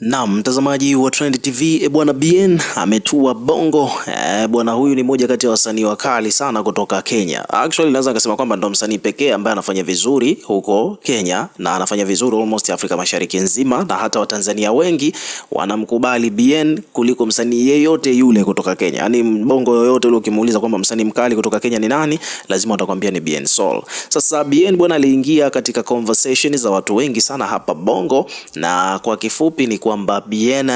Na mtazamaji wa Trend TV e, eh, bwana Bien ametua Bongo e, bwana huyu ni moja kati ya wasanii wakali sana kutoka Kenya. Actually naweza kusema kwamba ndo msanii pekee ambaye anafanya vizuri huko Kenya na anafanya vizuri almost Afrika Mashariki nzima, na hata Watanzania wengi wanamkubali Bien kuliko msanii yeyote yule kutoka Kenya. Yaani Bongo yoyote ule ukimuuliza kwamba msanii mkali kutoka Kenya ni nani, lazima utakwambia ni Bien Soul. Sasa Bien bwana aliingia katika conversation za watu wengi sana hapa Bongo na kwa kifupi ni kwamba Bien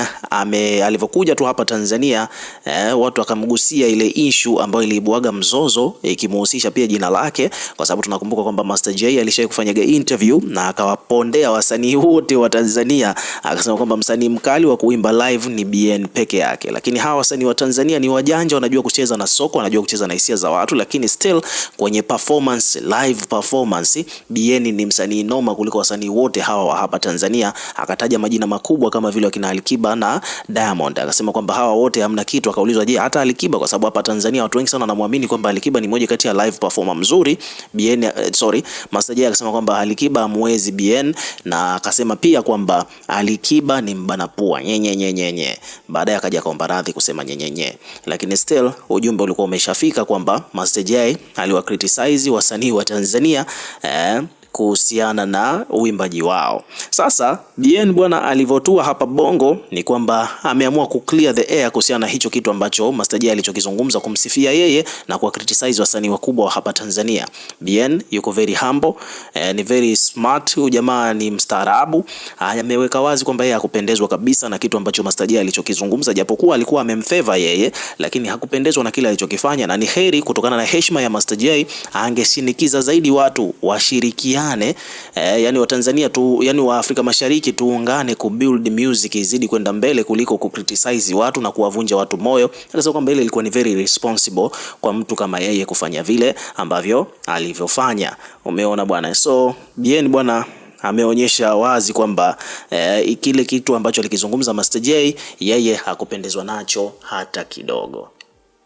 alivyokuja tu hapa Tanzania eh, watu akamgusia ile issue ambayo iliibuaga mzozo ikimhusisha eh, pia jina lake, kwa sababu tunakumbuka kwamba Master Jay alishawahi kufanyaga interview na akawapondea wasanii wote wa Tanzania, akasema kwamba msanii mkali wa kuimba live ni Bien peke yake. Lakini hawa wasanii wa Tanzania ni wajanja, wanajua kucheza na soko, wanajua kucheza na hisia za watu, lakini still kwenye performance, live performance Bien ni msanii noma kuliko wasanii wote hawa wa hapa Tanzania, akataja majina makubwa kama kama vile wakina Alikiba na Diamond, akasema kwamba hawa wote hamna kitu. Akaulizwa, je, hata Alikiba? Kwa sababu hapa Tanzania watu wengi sana wanamwamini kwamba Alikiba ni moja kati ya live performer mzuri. BN uh, eh, sorry Masaje akasema kwamba Alikiba hamwezi BN, na akasema pia kwamba Alikiba ni mbana pua nyenye nyenye nyenye. Baadaye akaja kaomba radhi kusema nyenye nye. lakini still ujumbe ulikuwa umeshafika kwamba Master Jay aliwa criticize wasanii wa Tanzania eh, kuhusiana na uimbaji wao. Sasa Bien bwana alivyotua hapa Bongo ni kwamba ameamua ku clear the air kuhusiana na hicho kitu ambacho Master J alichokizungumza kumsifia yeye na kwa criticize wasanii wakubwa wa hapa Tanzania. Bien yuko very humble, eh, ni very smart, ujamaa ni mstaarabu. Ameweka wazi kwamba yeye hakupendezwa kabisa na kitu ambacho Master J alichokizungumza, japokuwa alikuwa amemfavor yeye, lakini hakupendezwa na kile alichokifanya, na ni heri kutokana na heshima ya Master J angeshinikiza zaidi watu washirikia tuungane eh, yani Watanzania tu, yani wa Afrika Mashariki tuungane ku build music izidi kwenda mbele kuliko ku criticize watu na kuwavunja watu moyo. Anasema kwamba ile ilikuwa ni very responsible kwa mtu kama yeye kufanya vile ambavyo alivyofanya. Umeona bwana, so bien bwana ameonyesha wazi kwamba eh, kile kitu ambacho alikizungumza Master J yeye hakupendezwa nacho hata kidogo.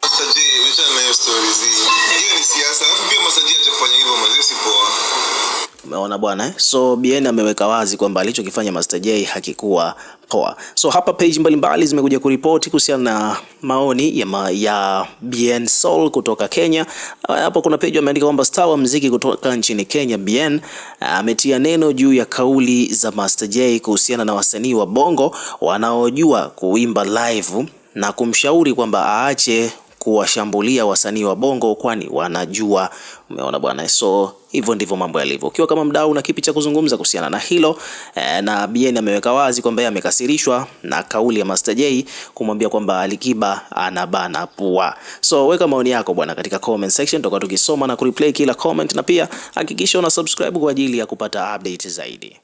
Master J, Umeona bwana eh? So Bien ameweka wazi kwamba alichokifanya Master J hakikuwa poa. So hapa page mbalimbali zimekuja kuripoti kuhusiana na maoni ya, ma, ya Bien Soul kutoka Kenya. Ah, hapo kuna page wameandika kwamba star wa muziki kutoka nchini Kenya Bien ah, ametia neno juu ya kauli za Master J kuhusiana na wasanii wa Bongo wanaojua kuimba live na kumshauri kwamba aache kuwashambulia wasanii wa Bongo, kwani wanajua. Umeona bwana, so hivyo ndivyo mambo yalivyo. Ukiwa kama mdau na kipi cha kuzungumza kuhusiana na hilo e, na Bien ameweka wazi kwamba yeye amekasirishwa na kauli ya Master J kumwambia kwamba Alikiba anabana pua. So weka maoni yako bwana katika comment section, tutakuwa tukisoma na kureplay kila comment, na pia hakikisha una subscribe kwa ajili ya kupata update zaidi.